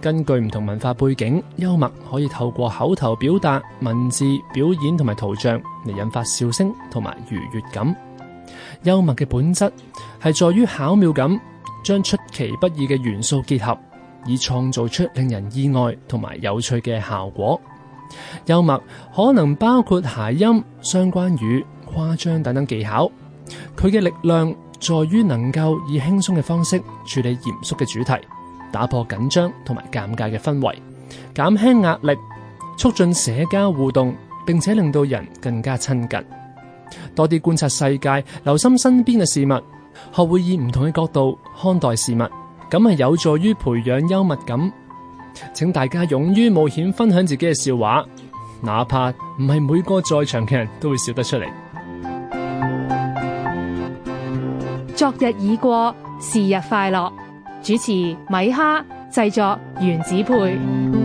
根據唔同文化背景，幽默可以透過口頭表達、文字表演同埋圖像嚟引發笑聲同埋愉悅感。幽默嘅本質係在於巧妙咁將出其不意嘅元素結合，以創造出令人意外同埋有趣嘅效果。幽默可能包括諧音、相關語、誇張等等技巧。佢嘅力量在於能夠以輕鬆嘅方式處理嚴肅嘅主題。打破緊張同埋尷尬嘅氛圍，減輕壓力，促進社交互動，並且令到人更加親近。多啲觀察世界，留心身邊嘅事物，學會以唔同嘅角度看待事物，咁係有助於培養幽默感。請大家勇於冒險，分享自己嘅笑話，哪怕唔係每個在場嘅人都會笑得出嚟。昨日已過，是日快樂。主持米哈，製作原子配。